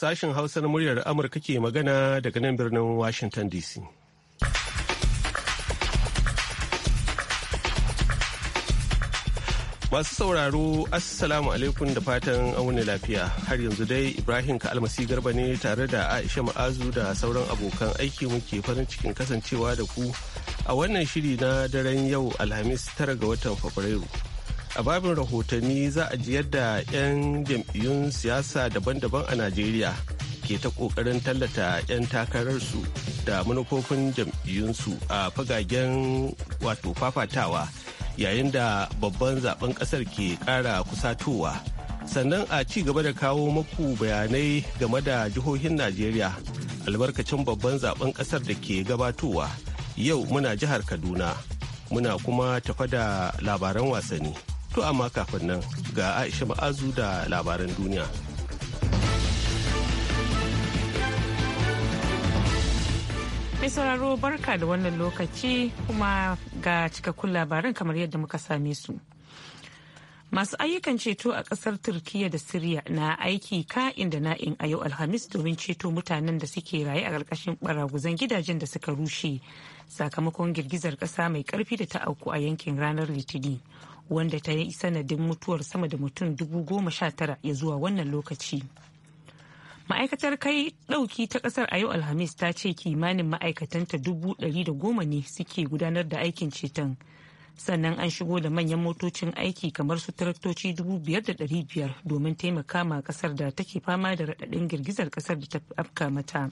Sashen hausar muryar Amurka ke magana daga nan birnin Washington DC. Masu sauraro, Assalamu alaikum da fatan auni lafiya. Har yanzu dai Ibrahim kalmasi Garba ne tare da Aisha Ma'azu da sauran abokan aiki muke farin cikin kasancewa da ku a wannan shiri na daren yau Alhamis tara ga watan Fabrairu. a babin rahotanni za a ji yadda 'yan jam'iyyun siyasa daban-daban a najeriya ke ta kokarin tallata 'yan takararsu da manufofin jam'iyyunsu a fagagen wato fafatawa yayin da babban zaben kasar ke kara kusatowa sannan a ci gaba da kawo maku bayanai game da jihohin najeriya albarkacin babban zaben kasar da ke gabatowa yau muna jihar kaduna muna kuma tafa da labaran wasanni To amma kafin nan ga Aisha Ma'azu da labaran duniya. Mai sauraro barka da wannan lokaci kuma ga cikakkun labaran kamar yadda muka same su. Masu ayyukan ceto a kasar Turkiyya da Siriya na aiki ka'in da na'in a yau Alhamis domin ceto mutanen da suke raye a ƙarƙashin ɓaraguzan gidajen da suka rushe sakamakon girgizar ƙasa mai ƙarfi da ta auku a yankin ranar Litini. wanda ta yi sanadin mutuwar sama da mutum dubu goma sha tara ya zuwa wannan lokaci ma'aikatar kai ɗauki ta ƙasar a yau alhamis ta ce kimanin ma'aikatanta dubu ɗari da goma ne suke gudanar da aikin ceton sannan an shigo da manyan motocin aiki kamar su taraktoci dubu biyar da ɗari biyar domin taimaka ma ƙasar da take fama da raɗaɗin girgizar ƙasar da ta afka mata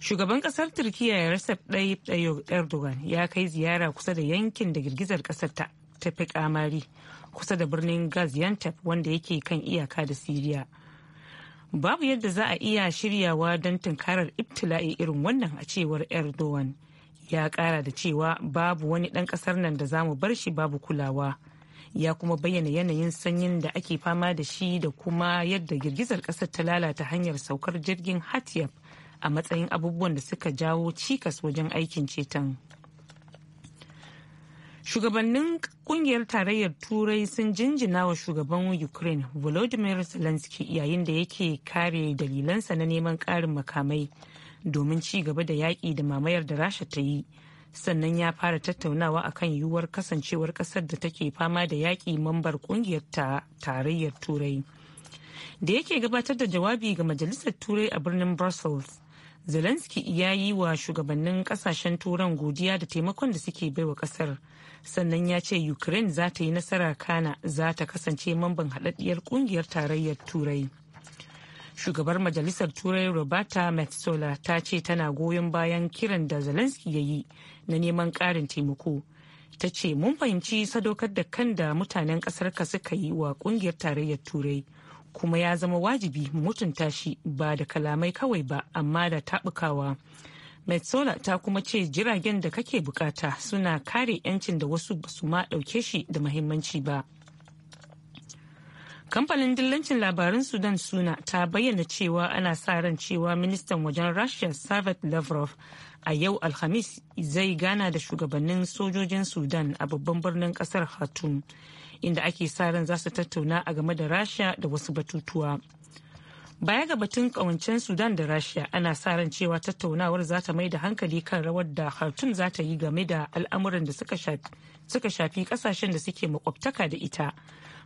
shugaban kasar turkiya recep tayyip erdogan ya kai ziyara kusa da yankin da girgizar kasar ta ta fi kamari kusa da birnin gaziantep wanda yake kan iyaka da siriya babu yadda za a iya shiryawa don tunkarar ibtila'i irin wannan a cewar erdogan ya kara da cewa babu wani ɗan ƙasar nan da za mu bar shi babu kulawa ya kuma bayyana yanayin sanyin da ake fama da shi da kuma yadda girgizar ƙasar ta lalata hanyar saukar jirgin hatiyaf a matsayin abubuwan da suka jawo cikas wajen aikin ceton. Shugabannin kungiyar tarayyar Turai sun jinjina wa shugaban Ukraine Volodymyr Zelensky yayin da yake kare dalilansa na neman karin makamai domin ci gaba da yaƙi da mamayar da Rasha ta yi. Sannan ya fara tattaunawa a kan yiwuwar kasancewar ƙasar da take fama da yaƙi mambar kungiyar tarayyar Turai. Da yake gabatar da jawabi ga Majalisar Turai a birnin Brussels. Zelensky ya yi wa shugabannin kasashen turan godiya da taimakon da suke baiwa kasar sannan ya ce ukraine za ta yi nasarar kana za ta kasance mamban haɗaɗɗiyar ƙungiyar tarayyar turai shugabar majalisar turai roberta metsola ta ce tana goyon bayan kiran da zelensky ya yi na neman ƙarin taimako ta ce mun fahimci sadaukar da kan da mutanen ƙasar ka suka yi wa ƙungiyar tarayyar turai kuma ya zama wajibi mutunta shi ba da kalamai kawai ba amma da taɓukawa metsola ta kuma ce jiragen da kake bukata suna kare 'yancin da wasu basu ma ɗauke shi da mahimmanci ba kamfanin dillancin labarin sudan suna ta bayyana cewa ana sa ran cewa ministan wajen russia savet lavrov a yau alhamis zai gana da shugabannin sojojin sudan a babban birnin kasar khartoum inda ake sa ran za su tattauna a game da rasha da wasu batutuwa Baya ga batun kawancen Sudan da Rasha ana sa ran cewa tattaunawar za ta mai da hankali kan rawar da Khartoum za ta yi game da al'amuran da suka shafi kasashen da suke makwabtaka da ita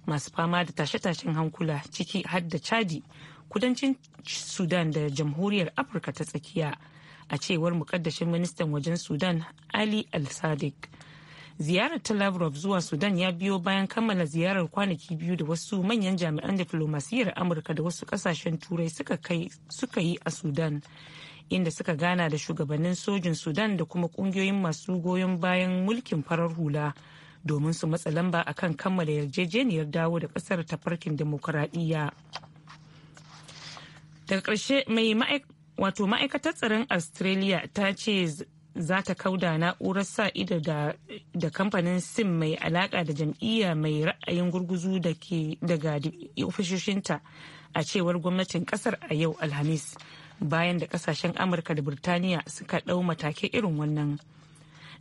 masu fama da tashe-tashen hankula ciki har da Chadi, kudancin Sudan da jamhuriyar Afirka ta tsakiya a cewar mukaddashin ministan wajen Sudan Ali Al-Sadiq. ziyarar ta lavrov zuwa sudan ya biyo bayan kammala ziyarar kwanaki biyu da wasu manyan jami'an diflomasiyyar amurka da wasu kasashen turai suka yi a sudan inda suka gana da shugabannin sojin sudan da kuma kungiyoyin masu goyon bayan mulkin farar hula domin su matsa lamba a kan kammala yarjejeniyar dawo da kasar tafarkin demokuraɗiyya daga ƙarshe mai ma'aikatar tsaron australia ta ce za ta kauda na'urar sa ido da kamfanin sim mai alaka da jam'iyya mai ra'ayin gurguzu ke daga ofishoshinta a cewar gwamnatin kasar a yau alhamis bayan da kasashen amurka da birtaniya suka ɗau matake irin wannan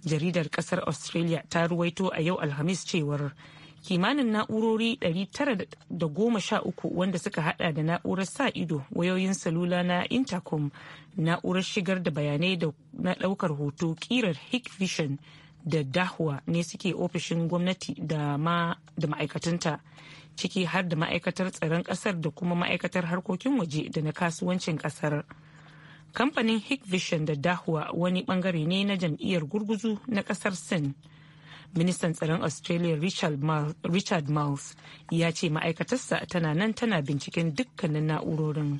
jaridar kasar australia ta ruwaito a yau alhamis cewar kimanin na'urori 913 wanda suka hada da na'urar sa ido wayoyin salula na intercom na'urar shigar da bayanai da na daukar hoto kirar hikvision da dahwa ne suke ofishin gwamnati da ma'aikatanta ciki har da ma'aikatar tsaron kasar da kuma ma'aikatar harkokin waje da na kasuwancin kasar kamfanin hikvision da dahwa wani bangare ne na jam'iyyar gurguzu na kasar sin ministan tsaron australia richard miles ya ce ma'aikatarsa tana nan tana binciken dukkanin na'urorin.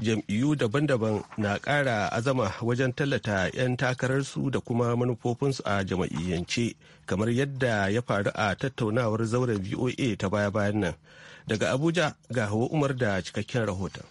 jam'iyyu daban-daban na ƙara azama wajen tallata 'yan takararsu da kuma manufofinsu a jama'iyyance kamar yadda ya faru a tattaunawar zauren voa ta baya-bayan nan daga abuja ga hawa umar da cikakken rahoton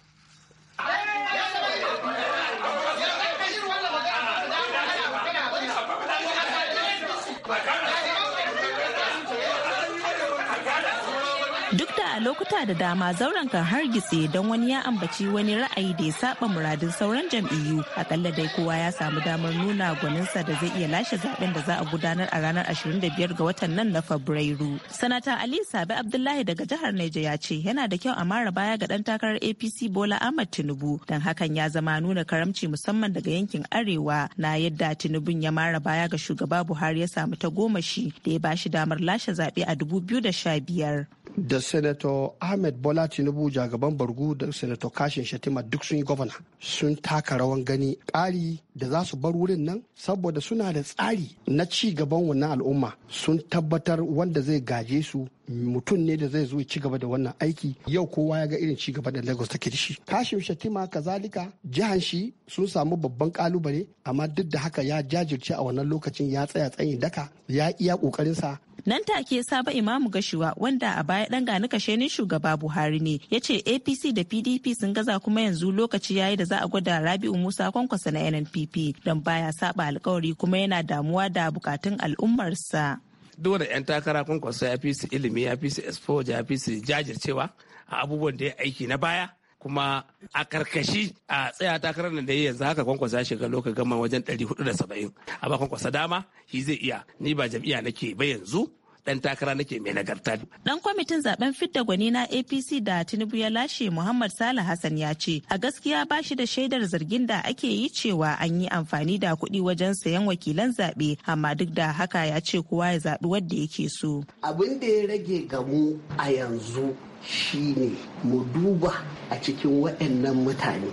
duk da a lokuta da dama zauren kan hargitse don wani ya ambaci wani ra'ayi da ya saba muradin sauran jam'iyyu akalla dai kowa ya samu damar nuna gwaninsa da zai iya lashe zaben da za a gudanar a ranar 25 ga watan nan na fabrairu sanata ali sabi abdullahi daga jihar Naija ya ce yana da kyau a mara baya ga dan takarar apc bola ahmad tinubu don hakan ya zama nuna karamci musamman daga yankin arewa na yadda Tinubu ya mara baya ga shugaba buhari ya samu ta goma shi da ya bashi damar lashe zaɓe a 2015 da da senator ahmed bola tinubu jagaban bargu da senator kashin shatima duk sun yi gwamna sun taka rawan gani ƙari da za su bar wurin nan saboda suna da tsari na ci gaban wannan al'umma sun tabbatar wanda zai gaje su mutum ne da zai zo ci gaba da wannan aiki yau kowa ya ga irin ci gaba da lagos take da shi kashim shatima kazalika jihan shi sun samu babban kalubale amma duk da haka ya jajirce a wannan lokacin ya tsaya tsayin daka ya iya sa nan take saba imamu gashuwa wanda a baya dan gani kashenin shugaba buhari ne ya ce apc da pdp sun gaza kuma yanzu lokaci yayi da za a gwada rabi'u musa kwankwasa na nnpp don baya saba alkawari kuma yana damuwa da bukatun al'ummarsa dole 'yan takara kwankwasa ya fi su ilimi ya fi su exposure ya fi su jajircewa a abubuwan da ya aiki na baya kuma a karkashi a tsaya takarar nan da yi yanzu haka kwankwasa shiga lokacin gama wajen 470 a ba kwankwasa dama shi zai iya ni ba jam'iyya nake ba yanzu dan takara nake mai nagarta. Dan kwamitin zaben fidda gwani na APC da Tinubu ya lashe Muhammad Sale Hassan ya ce a gaskiya ba shi da shaidar zargin da ake yi cewa an yi amfani da kuɗi wajen sayan wakilan zaɓe amma duk da haka ya ce kowa ya zaɓi wanda yake so. Abin da ya rage gamu a yanzu Shi ne mu duba a cikin waɗannan mutane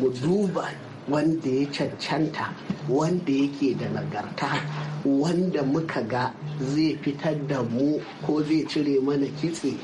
mu duba wanda ya cancanta wanda yake da nagarta wanda muka ga zai fitar da mu ko zai cire mana kitse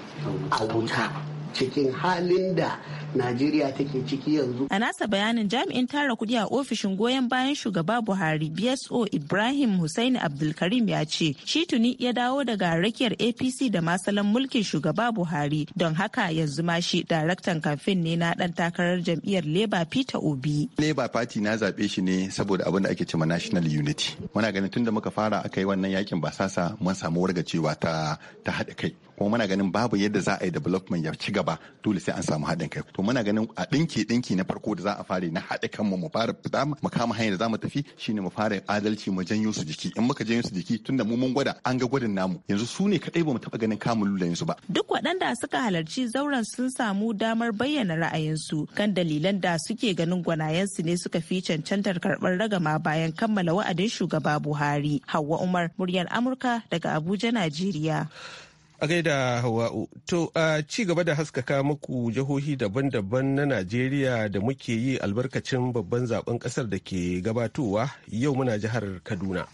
a wuta cikin halin da Najeriya take ciki yanzu. A nasa bayanin jami'in tara kuɗi a ofishin goyon bayan shugaba Buhari BSO Ibrahim Hussaini Abdulkarim ya ce shi tuni ya dawo daga rakiyar APC da masalan mulkin shugaba Buhari don haka yanzu ma shi daraktan kamfen ne na ɗan takarar jam'iyyar Labour Peter Obi. Labour Party na zaɓe shi ne saboda abin da ake cewa National Unity. Muna ganin tun da muka fara aka yi wannan yakin ba sasa mun samu wargacewa ta ta haɗa kai. kuma muna ganin babu yadda za a yi development ya ci gaba dole sai an samu haɗin kai to muna ganin a ɗinki ɗinki na farko da za a fara na haɗe kanmu mu fara fita mu kama hanyar da za mu tafi shine mu fara adalci mu janyo su jiki in muka janyo su jiki tunda mu mun gwada an ga gwadin namu yanzu su ne kaɗai ba mu taɓa ganin kamun lullayen su ba duk waɗanda suka halarci zauren sun samu damar bayyana ra'ayinsu kan dalilan da suke ganin gwanayensu ne suka fi cancantar karɓar ragama bayan kammala wa'adin shugaba Buhari Hauwa Umar muryar Amurka daga Abuja Najeriya A gaida Hawa'u, to a ci gaba da haskaka muku jihohi daban-daban na Najeriya da muke yi albarkacin babban zaben kasar da ke gabatowa yau muna jihar Kaduna.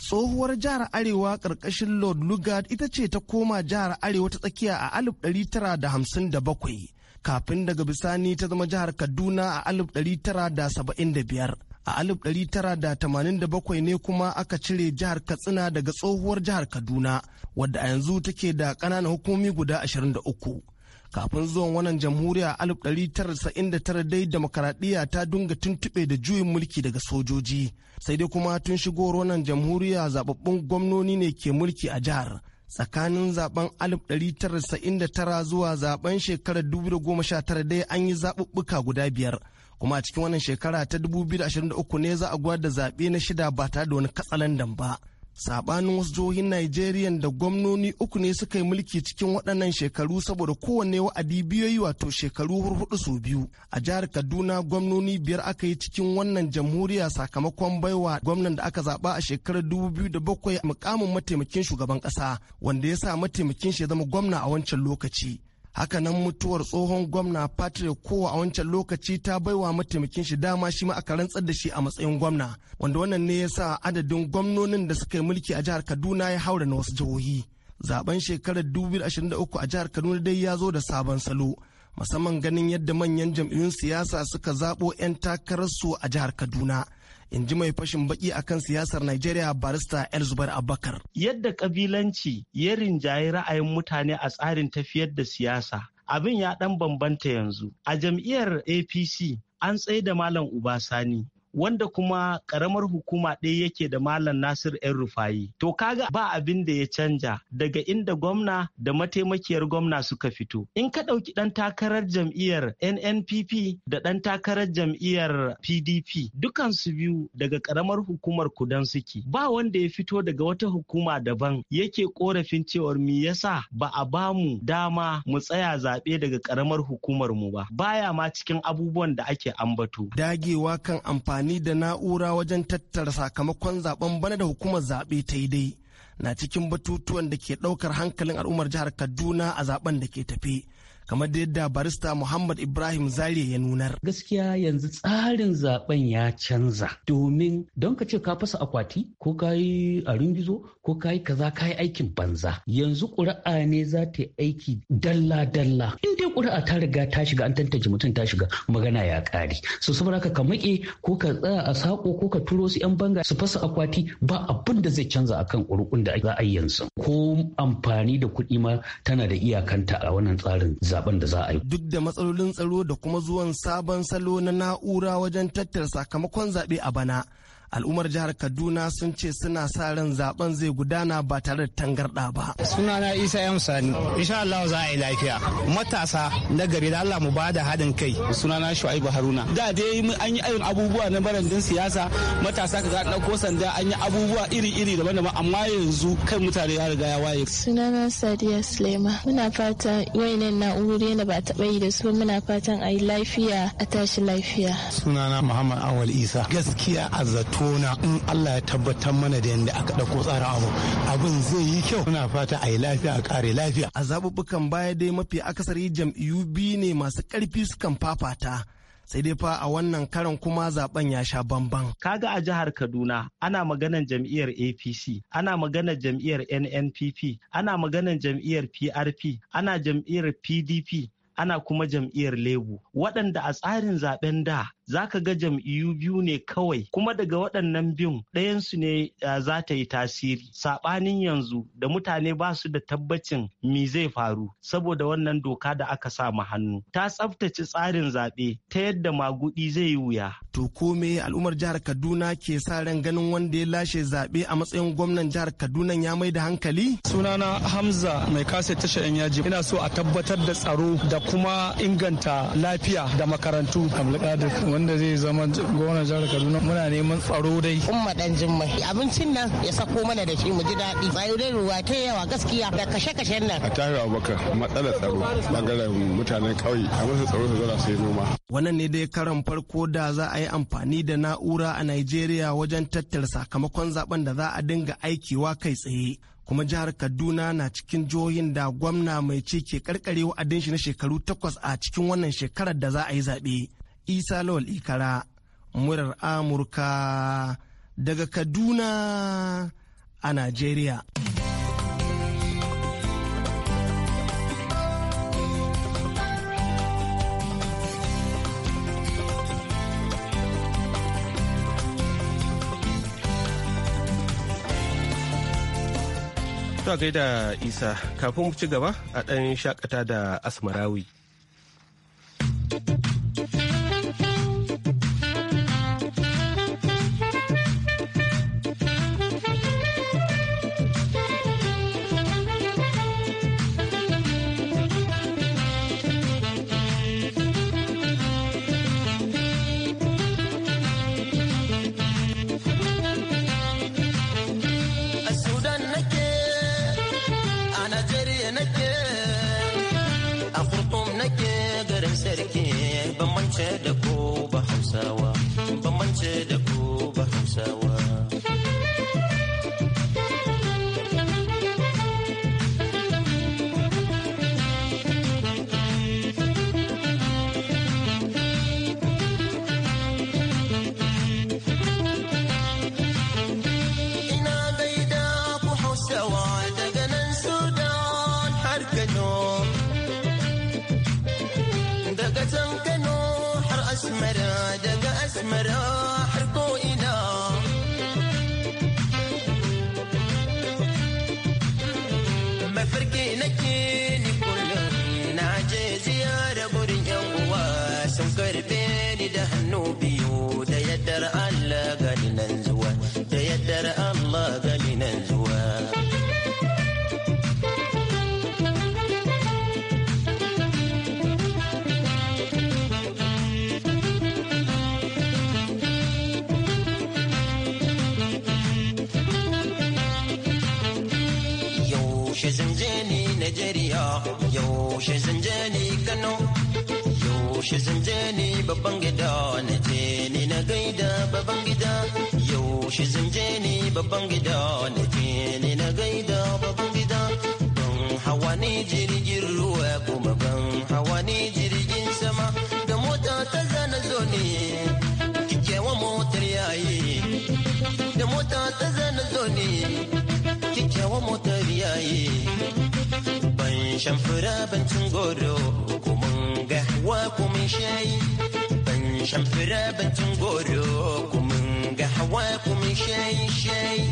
Tsohuwar jihar Arewa ƙarƙashin Lord Lugard ita ce ta koma jihar Arewa ta tsakiya a 1957 kafin daga bisani ta zama jihar Kaduna a 1975. a 1987 ne kuma aka cire jihar katsina daga tsohuwar jihar kaduna wadda a yanzu take da ƙananan hukumomi guda 23 kafin zuwan wannan jamhuriya 1979 dai demokaradiyya ta dunga tuntuɓe da juyin mulki daga sojoji sai dai kuma tun shigowar wannan jamhuriya zababbun gwamnoni ne ke mulki a jihar tsakanin zaben 1979 zuwa zaben shekarar 2019 dai an yi zaɓuɓɓuka guda biyar kuma a cikin wannan shekara ta 2023 ne za a gwada zaɓe na shida ba tare da wani katsalandan ba sabanin wasu jihohin Najeriya da gwamnoni uku ne suka yi mulki cikin waɗannan shekaru saboda kowanne wa'adi biyoyi wato shekaru hurhudu su biyu a jihar Kaduna gwamnoni biyar aka yi cikin wannan jamhuriya sakamakon baiwa gwamnan da aka zaba a shekarar 2007 mukamin mataimakin shugaban ƙasa wanda ya sa mataimakin shi ya zama gwamna a wancan lokaci hakanan mutuwar tsohon gwamna patrick kowa a wancan lokaci ta baiwa mataimakin shi dama shi ma aka rantsar da shi a matsayin gwamna wanda wannan ne ya sa adadin gwamnonin da suka yi mulki a jihar kaduna ya haura na wasu jihohi zaben shekarar 2023 a jihar kaduna dai ya zo da sabon salo musamman ganin yadda manyan jam'iyyun siyasa suka zaɓo 'yan takararsu a jihar kaduna in ji mai fashin baki akan siyasar Najeriya barista El Zubair Abubakar. Yadda kabilanci ya rinjayi ra'ayin mutane a tsarin tafiyar da siyasa abin ya ɗan bambanta yanzu. A jam'iyyar APC an tsaye da Malam Ubasani wanda kuma karamar hukuma ɗaya yake da Malam Nasir ‘yan rufayi. To kaga ba abin da ya canja daga inda gwamna da mataimakiyar gwamna suka fito. In ka ɗauki ɗan takarar jam'iyyar NNPP da ɗan takarar jam'iyyar PDP dukansu biyu daga karamar hukumar kudan suke. Ba wanda ya fito daga wata hukuma daban yake korafin cewar me yasa ba a ba mu dama mu tsaya zaɓe daga karamar hukumar mu ba. Baya ma cikin abubuwan da ake ambato. Dagewa kan amfani amfani da na'ura wajen tattara sakamakon zaben bana da hukumar zaɓe ta yi dai na cikin batutuwan da ke ɗaukar hankalin al'ummar jihar kaduna a zaben da ke tafi. kamar da yadda barista Muhammad Ibrahim Zariya ya nunar. Gaskiya yanzu tsarin zaben ya canza domin don ka ce ka fasa akwati ko ka yi a ringizo ko ka yi kaza ka yi aikin banza yanzu ƙuri'a ne za ta yi aiki dalla-dalla in dai ƙuri'a ta riga ta shiga an tantance mutum ta shiga magana ya ƙare so saboda ka maƙe ko ka tsaya a sako ko ka turo su 'yan banga su fasa akwati ba abin da zai canza akan ƙuri'un da za a yi yanzu ko amfani da kuɗi ma tana da iyakanta a wannan tsarin za zaben da za a yi. Duk da matsalolin tsaro da kuma zuwan sabon salo na na'ura wajen tattara sakamakon zaɓe a bana al'ummar jihar kaduna sun ce suna sa ran zaben zai gudana ba tare da tangarda ba sunana isa yam sani insha Allah za a yi lafiya matasa na gari da Allah mu ba da haɗin kai sunana shu'aibu haruna da dai an yi ayyun abubuwa na barandin siyasa matasa ka ga ko sanda an yi abubuwa iri-iri daban-daban amma yanzu kai mutane ya riga ya waye sunana sadiya sulema muna fatan wayannan na'urori na ba taɓa yi da su muna fatan a yi lafiya a tashi lafiya sunana muhammad awal isa gaskiya azzatu tona in Allah ya tabbatar mana da yadda aka ɗauko tsarin abu abin zai yi kyau muna fata a yi lafiya a kare lafiya a zaɓuɓɓukan baya dai mafi akasari jam'iyyu biyu ne masu ƙarfi sukan fafata sai dai fa a wannan karan kuma zaben ya sha bamban. Kaga a jihar Kaduna ana maganan jam'iyyar APC, ana maganan jam'iyyar NNPP, ana maganan jam'iyyar PRP, ana jam'iyyar PDP, ana kuma jam'iyyar lebu Waɗanda a tsarin zaben da za ka ga jam'iyyu biyu ne kawai kuma daga waɗannan biyun ɗayansu ne za ta yi tasiri saɓanin yanzu da mutane ba su da tabbacin mi zai faru saboda wannan doka da aka sa mu hannu ta tsaftace tsarin zaɓe ta yadda magudi zai yi wuya. To kome al'ummar jihar Kaduna ke sa ran ganin wanda ya lashe zaɓe a matsayin gwamnan jihar Kaduna ya mai da hankali? Sunana Hamza mai kasa tashar yan yaji. Ina so a tabbatar da tsaro da kuma inganta lafiya da makarantu. wanda zai zama gona jihar kaduna muna neman tsaro dai kun madan jimmai abincin nan ya sako mana da shi mu ji daɗi bayu dai ruwa ta yawa gaskiya da kashe-kashen nan a tayo abubakar matsalar tsaro bangaren mutanen ƙauye a musu tsaro su zara sai noma wannan ne dai karan farko da za a yi amfani da na'ura a Najeriya wajen tattara sakamakon zaben da za a dinga aikiwa kai tsaye kuma jihar kaduna na cikin jihohin da gwamna mai ci ke karkare wa'adin shi na shekaru takwas a cikin wannan shekarar da za a yi zaɓe isa lawal ikara murar amurka daga kaduna a najeriya Ta gaida Isa kafin ci gaba a ɗan shakata da Asmarawi. yaushe zanje ni Najeriya yaushe zanje ni Kano yaushe zanje ni babban gida na je ni na gaida babban gida yaushe zanje ni babban gida na je ni na gaida babban gida ban hawa ni jirgin ruwa kuma ban hawa ni jirgin sama da mota ta zana zo ne kikewa motar yayi da mota ta zana zo ne kikewa motar shaye ban shan fura ban cin goro ko mun ga hawa ko mun shayi ban shan fura ban cin goro ko mun ga hawa ko mun shayi shayi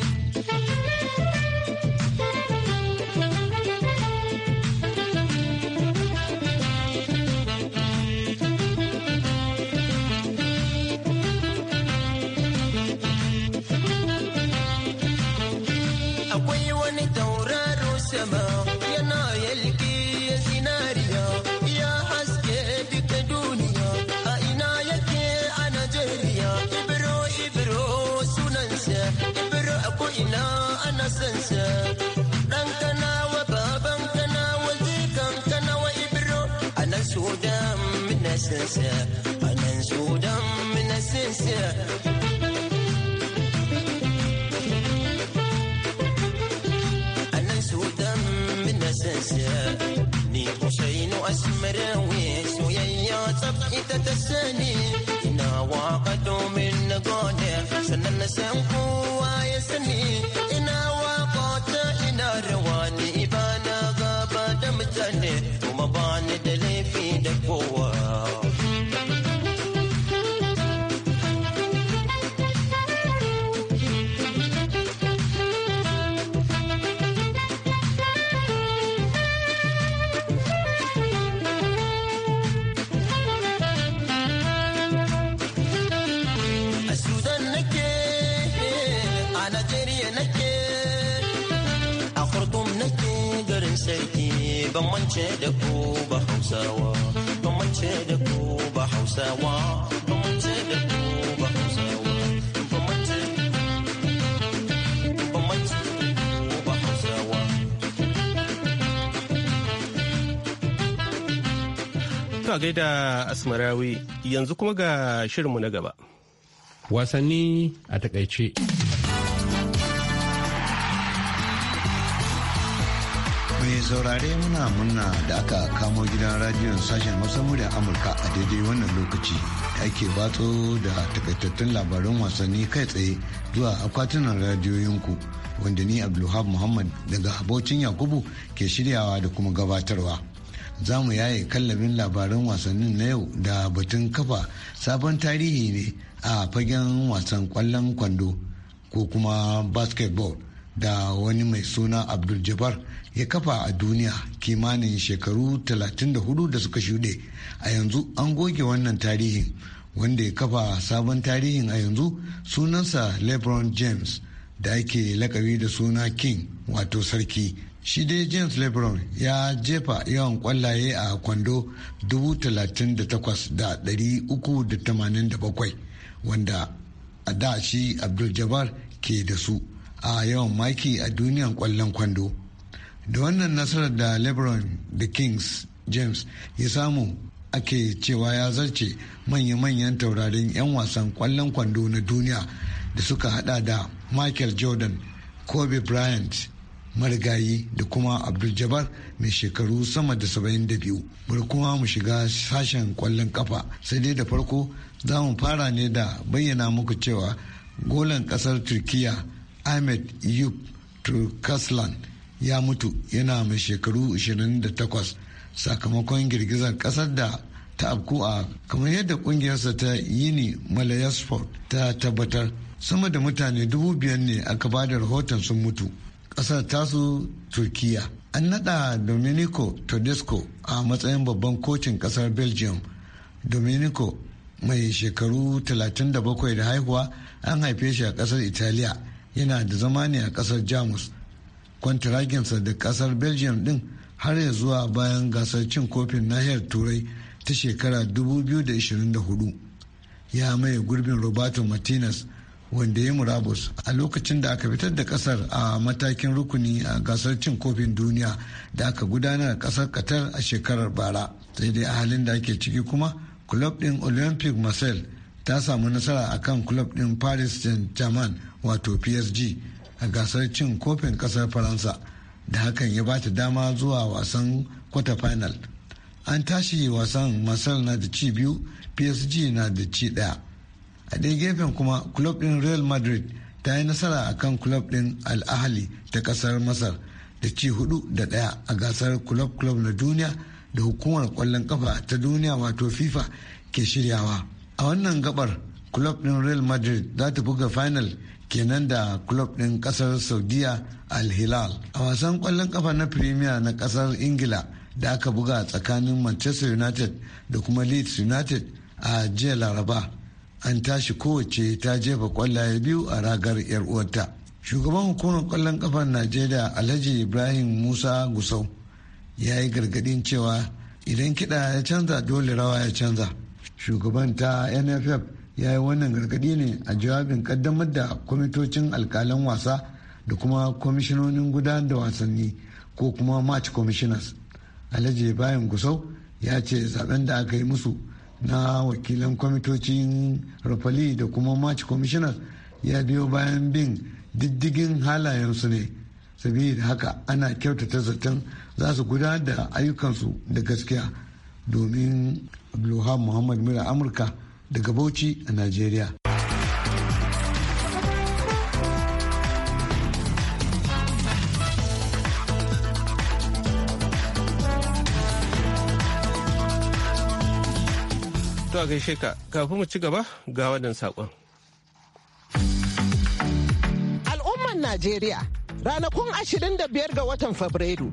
السنسة أنا سودان من السنسة أنا سودان من السنسة ني حسين أسمر ويس ويا صفحة تتساني إنا واقع domin na gode sannan na san kowa ya sani ina waƙo ta ina rawa ni ba na gaba da mutane kuma ba ni da laifi da kowa mace da ku ba hausawa ba mace da ku ba hausawa ba mace da ku ba hausawa ba mace ba mace gaida asmarawi yanzu kuma ga shirinmu na gaba wasanni a takaice saurare muna muna da aka kamo gidan radiyon sashen Hausa murya Amurka a daidai wannan lokaci da ake batso da takaitattun labaran wasanni kai tsaye zuwa akwatunan radiyoyinku wanda ni Abdulhab Muhammad daga abocin Yakubu ke shiryawa da kuma gabatarwa. Za mu yaye kallabin labarin wasannin na yau da batun kafa sabon tarihi ne a fagen wasan kwallon kwando ko kuma basketball. da wani mai suna abdul jabbar ya kafa a duniya kimanin shekaru 34 da suka shuɗe a yanzu an goge wannan tarihin wanda ya kafa sabon tarihin a yanzu sunansa lebron james da ake lakabi da suna king wato sarki shi dai james lebron ya jefa yawan kwallaye a kwando 38,387 wanda a da shi abdul jabbar ke da su a yawan maki a duniyan kwallon kwando da wannan nasarar da lebron da kings james ya samu ake cewa ya zarce manya-manyan taurarin 'yan wasan kwallon kwando na duniya da suka hada da michael jordan kobe bryant marigayi da kuma abdul jabbar mai shekaru sama da 72 bari kuma mu shiga sashen kwallon kafa sai dai da farko za mu fara ne da bayyana muku cewa golan kasar turkiyya. ahmed yub turkaslan ya mutu yana mai shekaru 28 sakamakon girgizar kasar da ta afku a kamar yadda kungiyarsa ta yini malayasport ta tabbatar sama da mutane dubu biyar ne aka ba da rahoton sun mutu Ƙasar tasu turkiya an nada dominico todesco a matsayin babban kocin ƙasar belgium dominico mai shekaru 37 da haihuwa an haife shi a ƙasar italiya yana da zama ne a kasar jamus kwantiraginsa da kasar belgium din har ya zuwa bayan gasar cin kofin nahiyar turai ta shekara 2024 ya maye gurbin roberto martinez wanda ya murabus a lokacin da aka fitar da kasar a matakin rukuni a gasar cin kofin duniya da aka gudanar a kasar qatar a shekarar bara sai dai a halin da ake ciki kuma club din olympic marseille ta samu nasara a kan club din paris saint-germain wato psg a gasar cin kofin kasar faransa da hakan ya bata dama zuwa wasan kwata final an tashi wasan masar na da ci biyu psg na da ci daya a ɗaya gefen kuma club din real madrid ta yi nasara a kan club ɗin al'ahali ta kasar masar da ci hudu da daya a gasar club club na duniya da hukumar kwallon kafa ta duniya wato fifa ke shiryawa a wannan gabar club din real madrid za ta buga final kenan da club din kasar saudiya al hilal a wasan kwallon kafa na premier na kasar ingila da aka buga tsakanin manchester united da kuma leeds united a jiya laraba an tashi kowace ta jefa kwallaye biyu a ragar yar uwarta shugaban hukumar kwallon kafar najeriya alhaji ibrahim musa gusau ya yi gargadin cewa idan kiɗa ya canza dole rawa ya canza shugaban ta nff ya yi wannan gargadi ne a jawabin kaddamar da kwamitocin alkalan wasa da kuma kwamishinonin gudanar da wasanni ko kuma match commissioners alhaji bayan gusau ya ce zaben da aka yi musu na wakilan kwamitocin rafali da kuma match commissioners ya biyo bayan bin diddigin halayensu ne sabida haka ana kyautata zaton za su gudanar da ayyukansu da gaskiya domin abdulluhan muhammad mura amurka daga bauchi a najeriya To a gaishe ka kafin mu ci gaba ga wannan saƙon. al'umman Najeriya ranakun 25 ga watan Fabrairu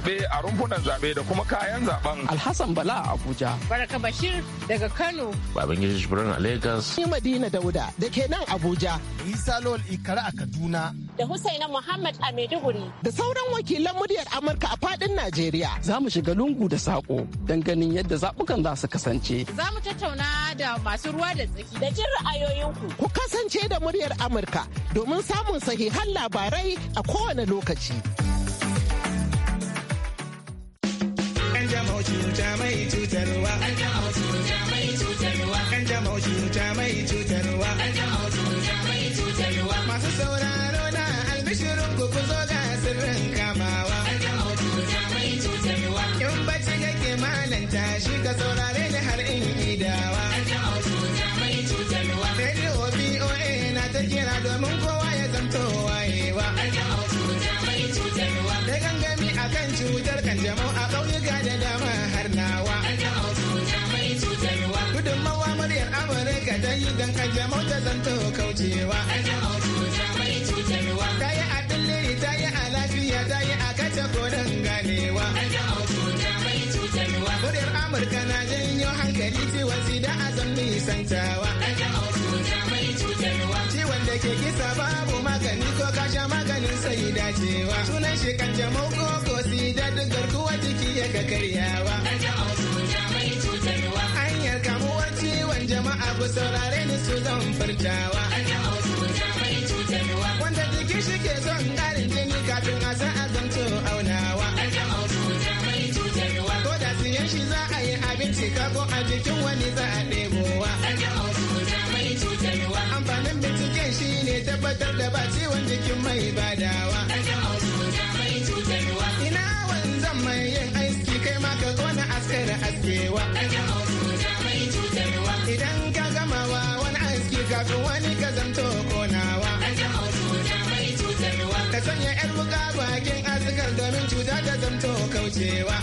zaɓe a rumfunan zaɓe da kuma kayan zaɓen. Alhassan Bala a Abuja. Baraka Bashir daga Kano. Babangida Jibrin a Lagos. Ni Madina Dauda da ke nan Abuja. Isa Lol Ikara a Kaduna. Da Husaina Muhammad a Maiduguri. Da sauran wakilan muryar Amurka a faɗin Najeriya. Za mu shiga lungu da saƙo don ganin yadda zaɓukan za su kasance. Za mu tattauna da masu ruwa da tsaki. Da jin ra'ayoyinku. Ku kasance da muryar Amurka domin samun sahihan labarai a kowane lokaci. Kanjamau cuta mai cutarwa. Kanjamau cuta mai cutarwa. Kanjamau cuta mai cutarwa. Kanjamau cuta mai cutarwa. Masu sauraro na albishirin ku ku zo ga sirrin kamawa. Kanjamau cuta mai cutarwa. In bacci kake malanta shi ka saurare ni har in gidawa. Kanjamau cuta mai cutarwa. Radio BOA na ta kira domin kowa ya zanto wayewa. Kanjamau cuta mai cutarwa. Da gangami akan cutar kanjamau don kanjamau ta zanto kaucewa. a a lafiya ta a Kanjamau Amurka na janyo hankali ciwon sida a zan Kanjamau cuta mai cutarwa. Ciwon da ke magani ko maganin saidacewa. Sunan shi kanjamau ko si da duk garkuwa jiki ya ga karyawa. Kanjamau ku saurare ni su zan furtawa wanda jiki shi ke son ƙarin jini kafin a san a zanto aunawa ko da siyan shi za a yi abinci ka ko a jikin wani za a ɗebowa amfanin binciken shi ne tabbatar da ba ciwon jikin mai badawa ina wanzan mai yin aiki kai ma ka kona askara askewa ka sanya yar buga bakin asikar domin cuta ta zamto kaucewa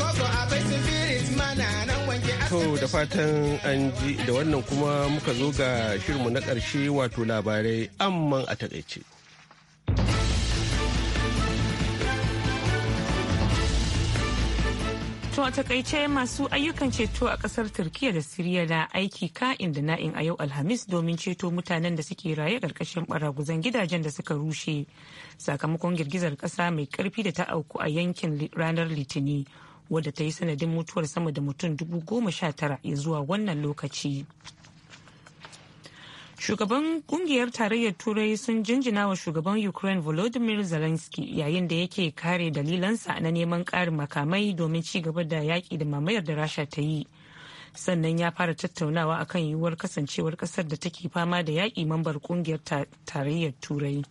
koko akwai nan wanke to da fatan an ji da wannan kuma muka zo ga shirinmu na ƙarshe wato labarai amman a takaice. To a takaice masu ayyukan ceto a kasar turkiyya da Siriya na aiki ka'in da na'in a yau Alhamis domin ceto mutanen da suke raye karkashin baraguzan gidajen da suka rushe sakamakon girgizar kasa mai karfi da ta auku a yankin ranar Litini wadda ta yi sanadin mutuwar sama da mutum dubu goma sha tara ya zuwa wannan lokaci. shugaban kungiyar tarayyar turai sun jinjina wa shugaban ukraine volodymyr zelensky yayin da yake kare dalilansa na neman karin makamai domin ci gaba da yaƙi da mamayar da rasha ta yi sannan ya fara tattaunawa akan yiwuwar kasancewar ƙasar da take fama da yaƙi mambar kungiyar tarayyar turai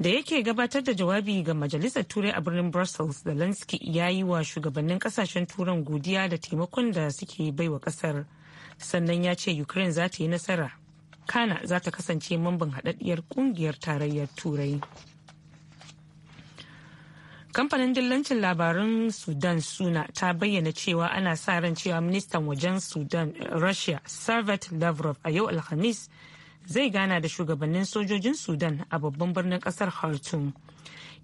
da yake gabatar da jawabi ga majalisar turai a birnin brussels zelensky ya yi wa shugabannin kasashen turan godiya da taimakon da suke baiwa kasar sannan ya ce ukraine za ta yi nasara kana za ta kasance mamban haɗaɗɗiyar ƙungiyar tarayyar turai kamfanin dillancin labarun sudan suna ta bayyana cewa ana sa ran cewa ministan wajen sudan russia servet lavrov a yau alhamis zai gana da shugabannin sojojin sudan a babban birnin kasar khartoum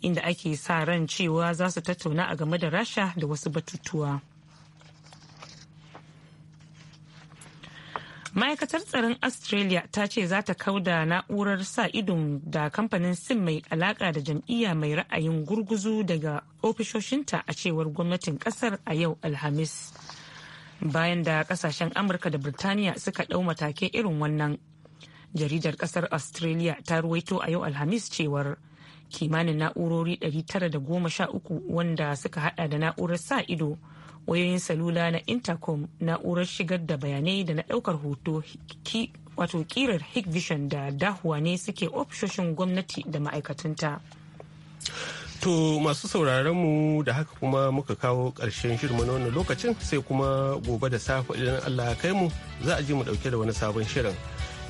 inda ake sa ran cewa za su tattauna a game da rasha da wasu batutuwa. ma'aikatar tsaron australia ta ce za ta kauda na'urar sa idon da kamfanin sim mai alaka da jam'iyya mai ra'ayin gurguzu daga ofishoshinta a cewar gwamnatin kasar a yau alhamis bayan da kasashen amurka da birtaniya suka ɗau matakai irin wannan jaridar kasar australia ta ruwaito a yau alhamis cewar kimanin na'urori 913 wanda suka hada da na'urar sa ido wayoyin salula na intercom na'urar shigar da bayanai da na daukar hoto wato kirar hikvision da dahuwa ne suke ofishoshin gwamnati da ma'aikatanta. To masu sauraron mu da haka kuma muka kawo ƙarshen shirin na wannan lokacin sai kuma gobe da safe idan Allah ya kai mu za a ji mu ɗauke da wani sabon shirin.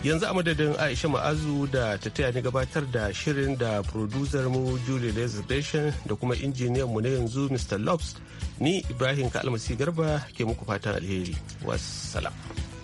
yanzu a madadin aisha ma'azu da ta taya ni gabatar da shirin da producer mu julie lezitation da kuma injiniyan mu na yanzu mr lobs ni ibrahim kalmasi garba ke muku fatan alheri wassalam